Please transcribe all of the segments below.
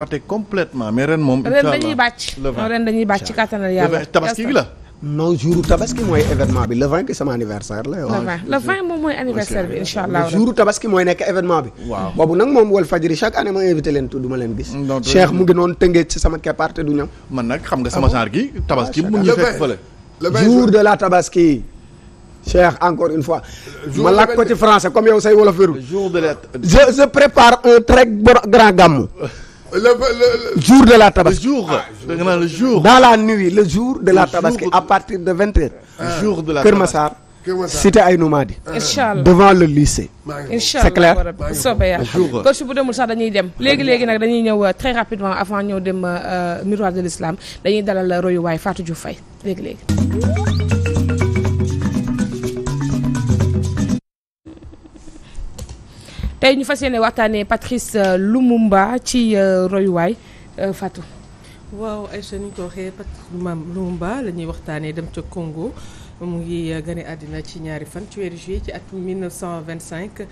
fàtte complètement mais ren moom. incha allah ren dañuy bàcc. ren yàlla. tabaski bi la. non jour tabaski mooy événement bi le 20 que sama anniversaire la. waaw le 20 moom mooy anniversaire bi incha allah. jour tabaski mooy nekk événement bi. waaw boobu nag moom Walf Fadjri chaque année ma invité leen tudd ma leen gis. Mm, Cheikh mu ngi noonu tëngee ci sama keppaar te du ñëw. man nag xam nga ah sama genre gi tabaski mu ngi fekk fële. jour de la tabaski. Cheikh encore une fois. ma làkk ko ci français yow say wolof wérul. jour de la je le, le, jour de la tabaski. le jour ah, da jour. dans la le jour de la tabaski à partir de vingt heures. Ah. le la Kër Massar. cité ay nomadi. Ah. incha allah devant le lycée. incha allah c'est clair. soobee yàlla coach bu demul sax dañuy dem. léegi léegi nag dañuy ñëw euh, très rapidement avant ñëw dem euh, miroir de l'islam dañuy dalal euh, royuwaay Fatou Diouf Faye léegi léegi. tey ñu fas yéene waxtaanee Patrice euh, Lumumba ci euh, royuwaay euh, Fatou. waaw Aïcha ni ñu ko waxee Patrice Lumumba la ñuy waxtaanee dem ca Congo. mu ngi gane àddina ci ñaari fan ci weeru juillet ci atum 1925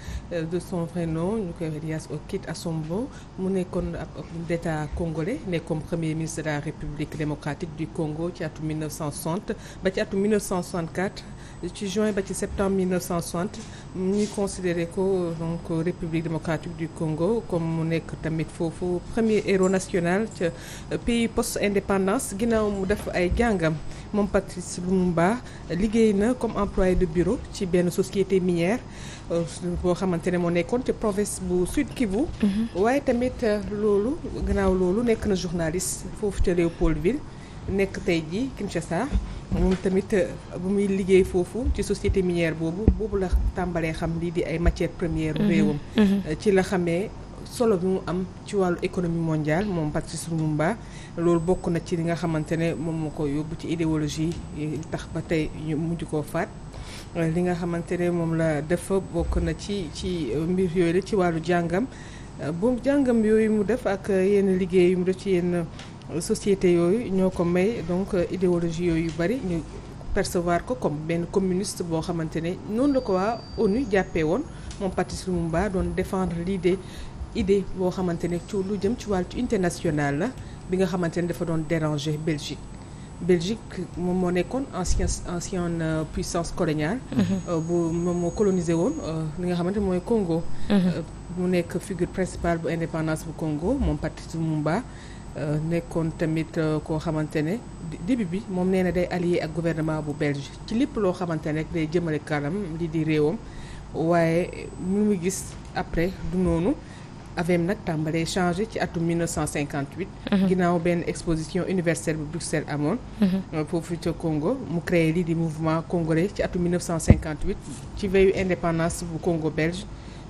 de son vrai ñu koy Elias Okit Assombo mu nekkoon ab homme d'État congolais nekkoon premier ministre de la République démocratique du Congo ci atum ba ci atum ci juin ba ci septembre 1960 ñu considéré ko donc république démocratique du Congo comme mu nekk tamit foofu premier héros national ca euh, pays post indépendance ginnaaw mu def ay jàngam moom mu Lumumba liggéey na comme employé de bureau ci benn société minière euh, boo xamante ne moo nekkoon ci province bu Sud Kivu. Mhm. waaye tamit euh, loolu ginnaaw loolu nekk na journaliste foofu ca Léopoldville. nekk tey jii Kinshasa moom tamit euh, bu muy liggéey foofu ci société minière boobu boobu la tàmbalee xam lii di ay matières premières mhm, réewam mhm. Euh, ci la xamee solo bi mu am ci wàllu économie mondiale moom Patrice Lumumba loolu bokk na ci li nga xamante ne moom moo ko yóbbu ci idéologie tax ba tey ñu mujj koo faat euh, li nga xamante ne moom la dafa bokk na ci ci mbir yooyu la ci wàllu jàngam bu jàngam yooyu mu def ak yenn liggéey yu mu def ci yenn société yooyu ñoo ko may donc euh, idéologie yooyu yu bari ñu percevoir ko comme benn communiste boo xamante ne noonu la ko waa ONU jàppee woon moom Patrice Lumumba doon défendre l'idée idée boo xamante ne ci lu jëm ci wàllu international la bi nga xamante ne dafa doon déranger Belgique Belgique moom moo nekkoon ancien ancienne euh, puissance coloniale mm-hmm. euh, bu moom moo colonisé woon li nga xamante mooy Congo mm-hmm. mu nekk figure principale bu indépendance bu Congo moom Patrice Lumumba Euh, nekkoon tamit euh, koo xamante ne début bi moom nee na day allié ak guvernement bu Belge ci lépp loo xamante ne rek day jëmale kanam li di réewam waaye mu mu gis après du noonu AVM nag tàmbalee changé ci atum 1958. Mhm. ginnaaw benn exposition universelle bu Bruxelles amoon. Mhm. Euh, foofu ca Congo mu créé lii di mouvement congolais ci atum 1958 ci veyu indépendance bu Congo belge.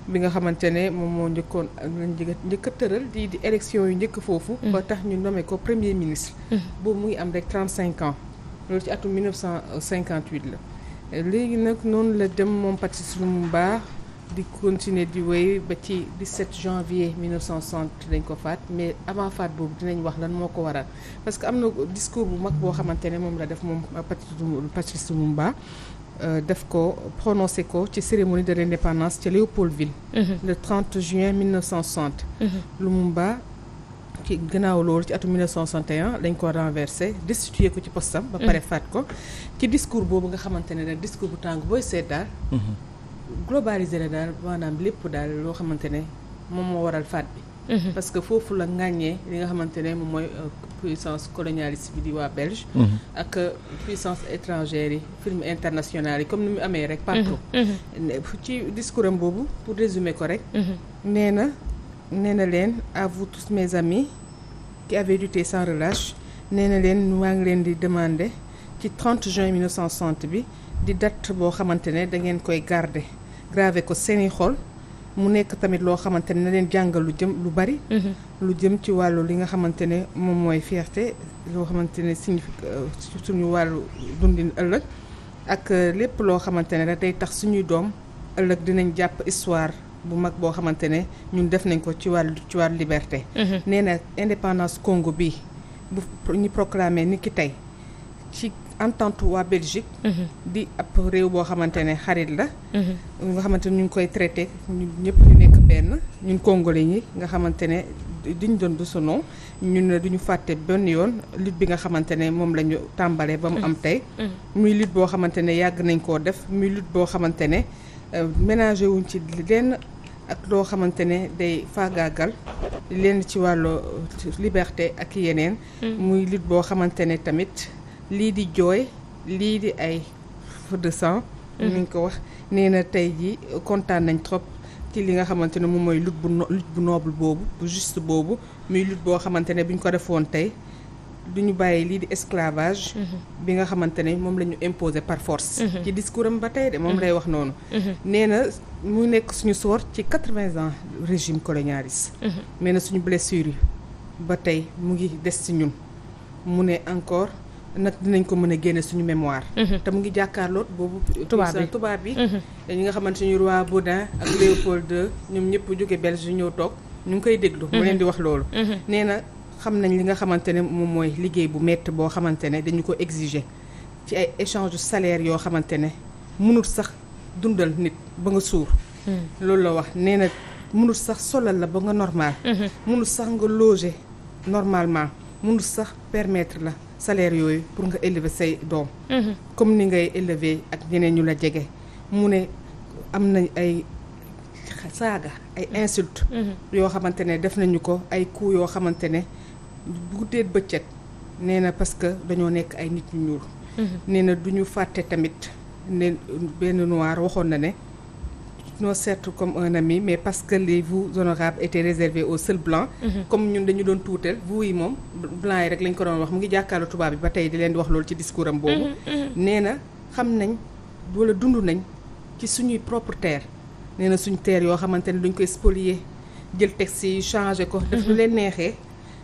bi nga xamante ne moom moo njëkkoon lañ njëkk a tëral di di élection yu njëkk foofu mm. ba tax ñu nommé ko premier ministre mm. boobu mu ngi am rek trente cinq ans loolu ci atum 1958 la léegi nag noonu la dem moom mu mu baax di continuer di wéy ba ci 17 janvier 1960 dañ ko faat mais avant faat boobu dinañ wax lan moo ko waral parce que am na discours bu mag boo xamante ne moom la def moom Patrice Lumumba Euh, def ko prononcé ko ci cérémonie de l'indépendance ci Léopoldville mhm. le 30 juin 1960 mhm. Lumumba ci gannaaw loolu ci atum dañ ko renversé destitué ko ci postam ba pare mhm. faat ko ci discours boobu nga xamante ne nag discours bu tàng booy seet daal globalisé la daal maanaam lépp daal loo xamante ne moom moo waral faat bi parce que foofu la ŋàññee li nga xamante moom mooy euh, puissance colonialiste bi di waa belge mhm. ak puissance étrangère yi film internationale yi comme ni mu amee rek mhm, partout mhm. ci discours am boobu pour résumer ko rek nee na nee na leen à vous tous mes amis qui avez lutté sans relâche nee na leen maa ngi leen di demander ci 30 juin 1960 bi di date boo xamante ne da ngeen koy garder gravé ko seeni xol mu nekk tamit loo xamante ne na leen jàngal lu jëm lu bari. Mhm. lu jëm ci wàllu li nga xamante ne moom mooy fierté loo xamante ne signifique euh, suñu wàllu dundin ëllëg ak euh, lépp loo xamante ne rek day tax suñuy doom ëllëg dinañ jàpp histoire bu mag boo xamante ne ñun def nañ ko ci wàllu ci wàllu liberté. Mhm. nee na Congo bi bu ñu proclamé ni ki tey ci. entente waa Belgique. Mhm. di ab réew boo xamante ne xarit la. Mhm. nga xamante ne ñu ngi koy traité ñun ñëpp ñu nekk benn ñun congolais ñi nga xamante ne duñ doon du sonoo ñun ne duñu fàtte benn yoon lutte bi nga xamante ne moom la ñu tàmbalee ba mu am mhm. tey. muy lutte boo xamante ne yàgg nañ koo def muy lutte boo xamante ne euh, ménagé wuñ ci lenn ak loo xamante ne day faagaagal lenn ci wàllu liberté ak yeneen. muy lutte boo xamante ne tamit. lii di jooy lii di ay feu de sang. Mhm. ni nga ko wax nee na tey jii kontaan nañ trop ci li nga xamante ne moom mooy lutte bu noble boobu bu juste boobu muy lutte boo xamante ne bu ñu ko defoon tey du ñu bàyyi lii di esclavage. Mhm. bi nga xamante ne moom la ñu imposer par force. Mhm. ci discours am ba tey de moom lay wax noonu. nee na mu nekk suñu sort ci quatre-vingts ans régime colonialiste. nee na suñu blessure ba tey mu ngi des ci ñun mu ne encore. nag dinañ ko mën a génne suñu mémoire. Mhm. te mu ngi jàkkaarloo boobu. tubaab bi tubaab bi. Mhm. ñi nga xamante ni roi Baudin ak Léopold II ñoom ñëpp jóge Belge ñëw toog ñu ngi koy déglu. mu mhm. leen di wax loolu. nee na xam nañ li nga xamante ne moom mooy liggéey bu métti boo xamante ne dañu ko exiger ci ay échange salaire yoo xamante ne mënul sax dundal nit ba nga suur. loolu la wax nee na mënul sax solal la ba nga normal. mënul sax nga loger normalement mënul sax permettre la. salaire yooyu pour nga élever say doom mhm. comme ni ngay élever ak ñeneen ñu la jege mu ne am nañ ay saaga ay insulte mhm. yoo xamante ne def nañu ko ay coups yoo xamante ne guddee bëccëg nee na parce que dañoo nekk ay nit ñu ñuul mhm. nee na du ñu fàtte tamit ne benn noir waxoon na ne non certes comme un ami mais parce que les vous honorables étaient réservés aux seuls mm-hmm. comme ñun dañu doon tuutal vous yi moom blancs yi rek lañ ko doon wax mu ngi jàkkaarloo tubaab bi ba tey di leen di wax loolu ci discours am boobu mm-hmm, mm-hmm. nee na xam nañ dund nañ ci suñuy propre terre na suñu terre yoo xamante ne duñ koy spolier jël texte yi changé ko def lu leen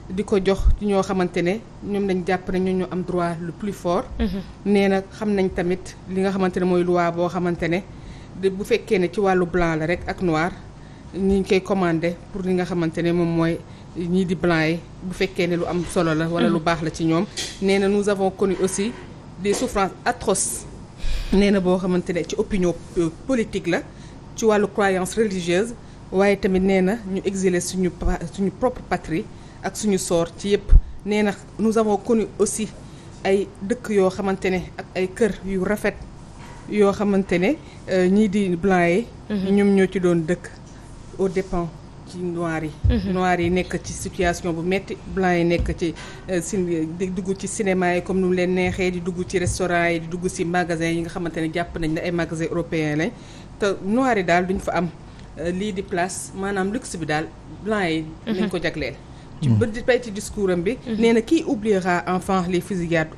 di ko jox ci ñoo xamante ne ñoom lañ jàpp ne ñu am droit le plus fort nee na xam nañ tamit li nga xamante ne mooy loi boo xamante ne bu fekkee ne ci wàllu blanc la rek ak noir ñi ngi koy commandé pour li nga xamante ne moom mooy ñii di blanc yi bu fekkee ne lu am solo la wala lu mm-hmm. baax la ci ñoom nee na nous avons connu aussi des souffrances atros nee na boo xamante ne ci opinion euh, politique la ci wàllu croyance religieuse waaye tamit nee na ñu exile suñu suñu propre patrie ak suñu sort ci yépp nee na nous avons connu aussi ay dëkk yoo xamante ne ak ay kër yu rafet yoo xamante ne euh, ñii di blanc yi. Mhm. ñoom ñoo ci doon dëkk au dépens ci noir yi. Mhm. noir yi nekk ci situation bu metti blanc yi nekk ci sin euh, di dugg ci cinéma yi comme nu leen neexee di dugg ci restaurant yi dugg ci magasin yi nga xamante ne jàpp nañ ne ay magasin européen lañ te noir yi daal duñ fa am euh, lii di place maanaam luxe bi daal blanc yi. nañ mhm. ko jagleen ci bët bay ci discours bi. nee na kii oubliera enfant les fusillades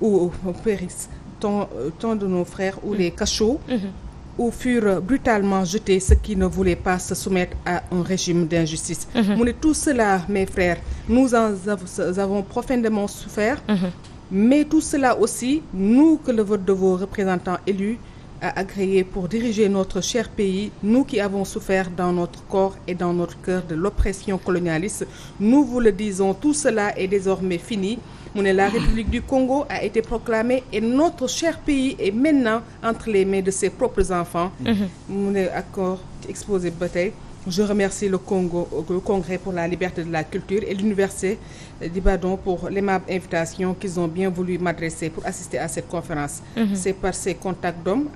au Paris. tant, euh, tant de nos frères ou mm. les cachots ou mm-hmm. furent euh, brutalement jetés ceux qui ne voulaient pas se soumettre à un régime d'injustice. Mm-hmm. mu ne tout cela mes frères nous avons profondément souffert. Mm-hmm. mais tout cela aussi nous que le vote de vos représentants élus agréé pour diriger notre cher pays, nous qui avons souffert dans notre corps et dans notre cœur de l'oppression colonialiste. Nous vous le disons, tout cela est désormais fini. La République du Congo a été proclamée et notre cher pays est maintenant entre les mains de ses propres enfants. Mm-hmm. mu ne accord exposé ba Je remercie le, Congo, le Congrès pour la liberté de la culture et l'Université d'Ibadan pour l'aimable invitation qu'ils ont bien voulu m'adresser pour assister à cette conférence. Mm-hmm. C'est par ces contacts d'hommes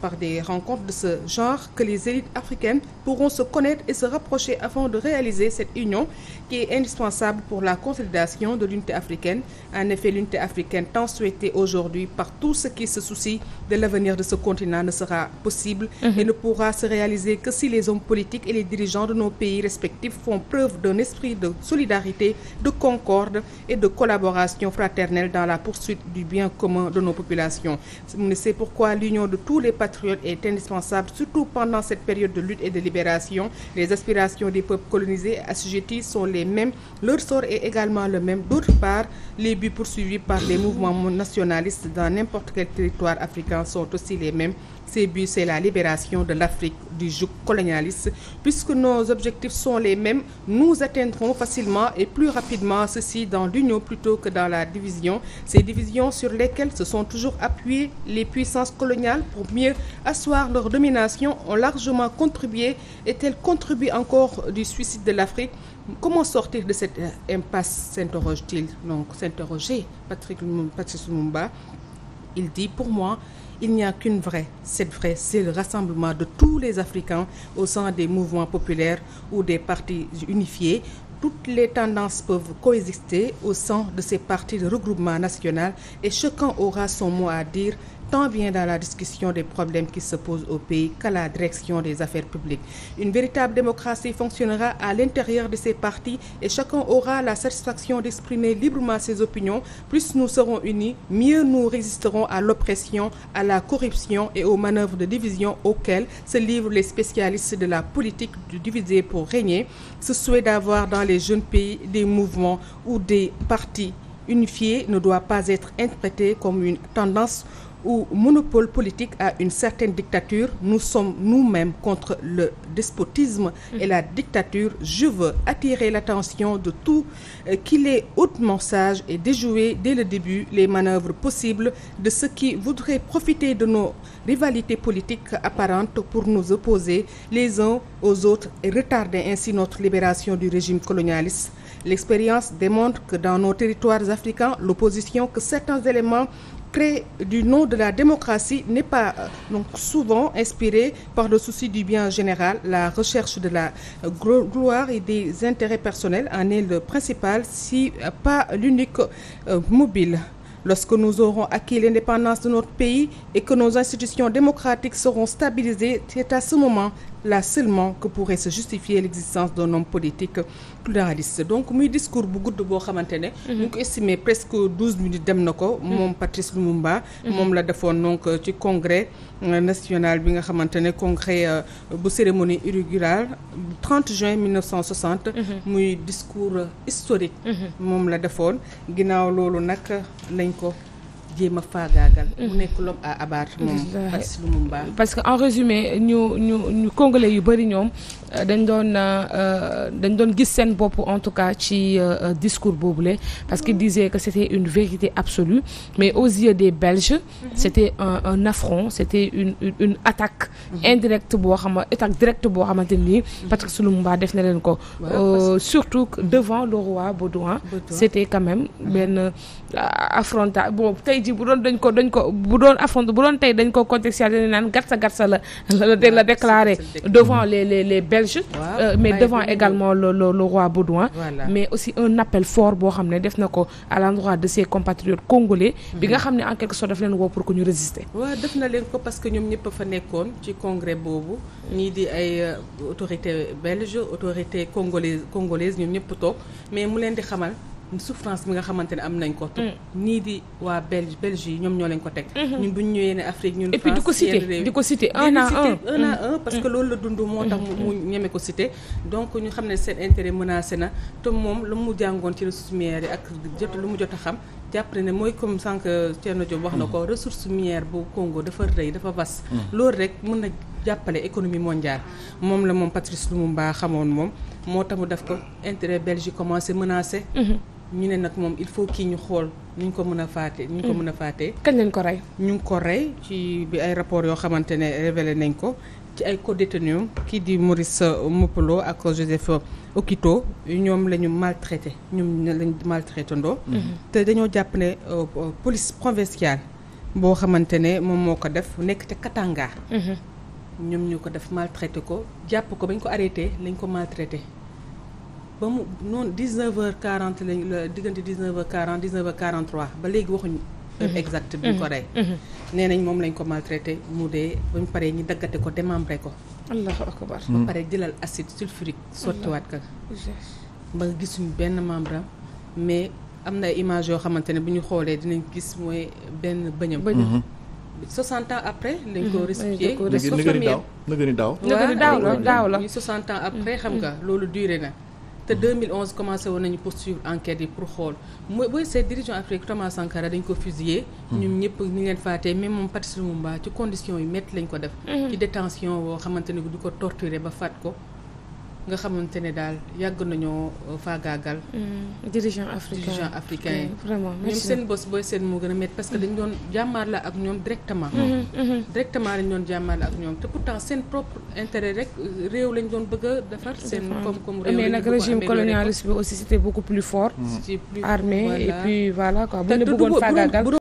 par, des rencontres de ce genre, que les élites africaines pourront se connaître et se rapprocher afin de réaliser cette union qui est indispensable pour la consolidation de l'unité africaine. En effet, l'unité africaine tant souhaitée aujourd'hui par hommes politiques et les dirigeants de nos pays respectifs font preuve d'un esprit de solidarité, de concorde et de collaboration fraternelle dans la poursuite du bien commun de nos populations. C'est pourquoi l'union de tous les patriotes est indispensable, surtout pendant cette période de lutte et de libération. Les aspirations des peuples colonisés et assujettis sont les mêmes, leur sort est également le même. D'autre part, les buts poursuivis par les mouvements nationalistes dans n'importe quel territoire Ces buts, c'est la libération de l'Afrique du joug colonialiste. Puisque nos objectifs sont les mêmes, nous atteindrons facilement et plus rapidement ceci dans l'union plutôt que dans la division. Ces divisions sur lesquelles se sont toujours appuyées les puissances coloniales pour mieux asseoir leur domination ont largement contribué et elles contribuent encore du suicide de l'Afrique. Comment sortir de cette impasse, sinterroge t Donc, s'interroger Patrick, Patrice Lumumba, il dit, pour moi, il n'y a qu'une vraie cette vraie c'est le rassemblement de tous les Africains au sein des mouvements populaires ou des partis unifiés toutes les tendances peuvent coexister au sein de ces partis de regroupement national et chacun aura son mot à dire tant bien dans la discussion des problèmes qui se posent au pays qu'à la direction des affaires publiques. Une véritable démocratie fonctionnera à l'intérieur de ces partis et chacun aura la satisfaction d'exprimer librement ses opinions. Plus nous serons unis, mieux nous résisterons à l'oppression, à la corruption et aux manœuvres de division auxquelles se livrent les spécialistes de la politique du diviser pour régner. Ce souhait d'avoir dans les jeunes pays des mouvements ou des partis unifiés ne doit ou monopole politique à une certaine dictature, nous sommes nous-mêmes contre le despotisme et la dictature. Je veux attirer l'attention de tout euh, qu'il est hautement sage et déjouer dès le début les manœuvres possibles de ceux qui voudraient profiter de nos rivalités politiques apparentes pour nous opposer les uns aux autres et retarder ainsi notre libération du régime colonialiste. L'expérience démontre que dans nos territoires africains, l'opposition que certains éléments près du nom de la démocratie n'est pas euh, donc souvent inspiré par le souci du bien général. La recherche de la euh, gloire et des intérêts personnels en est le principal, si euh, pas l'unique euh, mobile. Lorsque nous aurons acquis l'indépendance de notre pays et que nos institutions démocratiques seront stabilisées, c'est à ce moment là seulement que pourrait se justifier l'existence d'un homme politique pluraliste donc muy discours bu gudd boo xamante ne ñu mhm. ko estimé presque douze dem na ko mhm. moom Patrice Lumumba mhm. moom la defoon donc euh, ci congrès euh, national bi nga xamante ne congrès euh, bu cérémonie inaugurale 30 juin 1960 muy discours historique moom la defoon ginnaaw loolu nag lañ ko jéem mhm. parce que en résumé ñu ñu ñu congolais yu bëri ñoom euh, dañ doon euh, dañ doon gis seen bopp en tout cas ci euh, discours boobule parce qu'il mhm. disait que c'était une vérité absolue mais aux yeux des Belges mhm. c'était un un affront c'était une une, une attaque indirecte boo xama attaque directe boo xamante nii Patrice Lumumba def na leen ko surtout devant le roi Baudouin c'était quand même benn affronta bon tey tey ji bu doon dañ ko dañ ko bu doon affront bu doon tey dañ ko contextualiser naan gatsa gatsa la la devant les les les Belges euh, mais devant également le le roi Baudouin mais aussi un appel fort boo xam ne def na ko à de ses compatriotes congolais bi nga xam ne en quelque sorte daf leen woo pour que ñu résister waaw def na leen ko parce que ñoom ñëpp a fa nekkoon ci congrès boobu ñii di ay euh, autorité belge autorité congolaise ñoom ñëpp toog mais mu leen di souffrance bi nga xamante ne am nañ ko. nii mm. di waa Belge Belge ñoom ñoo leen ko teg. Mm-hmm. ñun bu ñu ñëwee ne Afrique ñun. France et puis di ko cité di ko cité un à un un à mm. un parce que mm. loolu la dund moo tax mm-hmm. mu ñeme ko cité. ñu xam ne seen intérêt menacé na te moom lu mu jàngoon ci ressources minières yi ak jot lu mu jot a xam. jàppale ne mooy comme sànq Thierno Diop wax na ko mm-hmm. ressource minière bu Congo dafa rëy dafa bas. loolu rek mën na jàppale économie mondiale moom la moom Patrice Lumumba xamoon moom moo tax mu def ko intérêt belge commencé menacé. ñu ne nag moom il faut kii ñu xool ñu ngi ko mën a faate ñu ngi ko mm. mën a faatee. kañ lañ ko rey. ñu ngi ko rey ci bi ay rapport yoo xamante ne révélé nañ ko ci ay codétenu kii di Maurice Mopolo ak Joseph Okito ñoom la ñu maltraité ñoom lañ maltraité ndoo mm-hmm. te dañoo jàpp ne euh, euh, police provinciale boo xamante ne moom moo ko def nekk te Katanga. Mm-hmm. ñoom ñu ko def maltraité ko jàpp ko bañ ko arrêté lañ ko maltraité. ba mu noonu 19h40 lañ la diggante 19h40 19h43 ba léegi waxuñ heure mm-hmm. exacte bi ñu ko mm-hmm. rey. Mm-hmm. nee nañ moom lañ ko maltraité mu dee ba mu paree ñu daggate ko démembré ko. allahu akbar. ba mm. pare jëlal acide sulfurique sottiwaat ka ba gisuñ benn membre am mais am na image yoo xamante ne bu ñu xoolee dinañ gis mooy benn bëñam. bëñam 60 ans après. lañ ko restitué. nëgëri daaw nëgëri daaw. nëgëri daaw la daaw la ans après nga loolu duré na. te 2011 commencé woon nañu poursuivre enquête yi pour xool mooy booy seet dirigeant Afrique Thomas Sankara dañ ko fusillé. ñun ñëpp ñu leen faatee même moom Patrice Lumumba ci condition yi métti lañ ko def. Mm-hmm. ci détention woo xamante ne du ko torturé ba faat ko. nga xamante ne daal yàgg nañoo euh, faagaagal. Mm, dirigeant africain dirigeant africain yi. vraiment seen bos booy seen moo gën a métti parce que mm. dañu doon jàmmaar la ak ñoom directement. Mm-hmm, mm-hmm. directement lañu doon jàmmaar la ak ñoom te pourtant seen propre intérêt rek réew lañ doon bëgg a defar. seen koom-koom réew mais nag régime colonialiste bi aussi beaucoup plus fort. armé et puis voilà quoi bu ñu bëggoon faagaagal.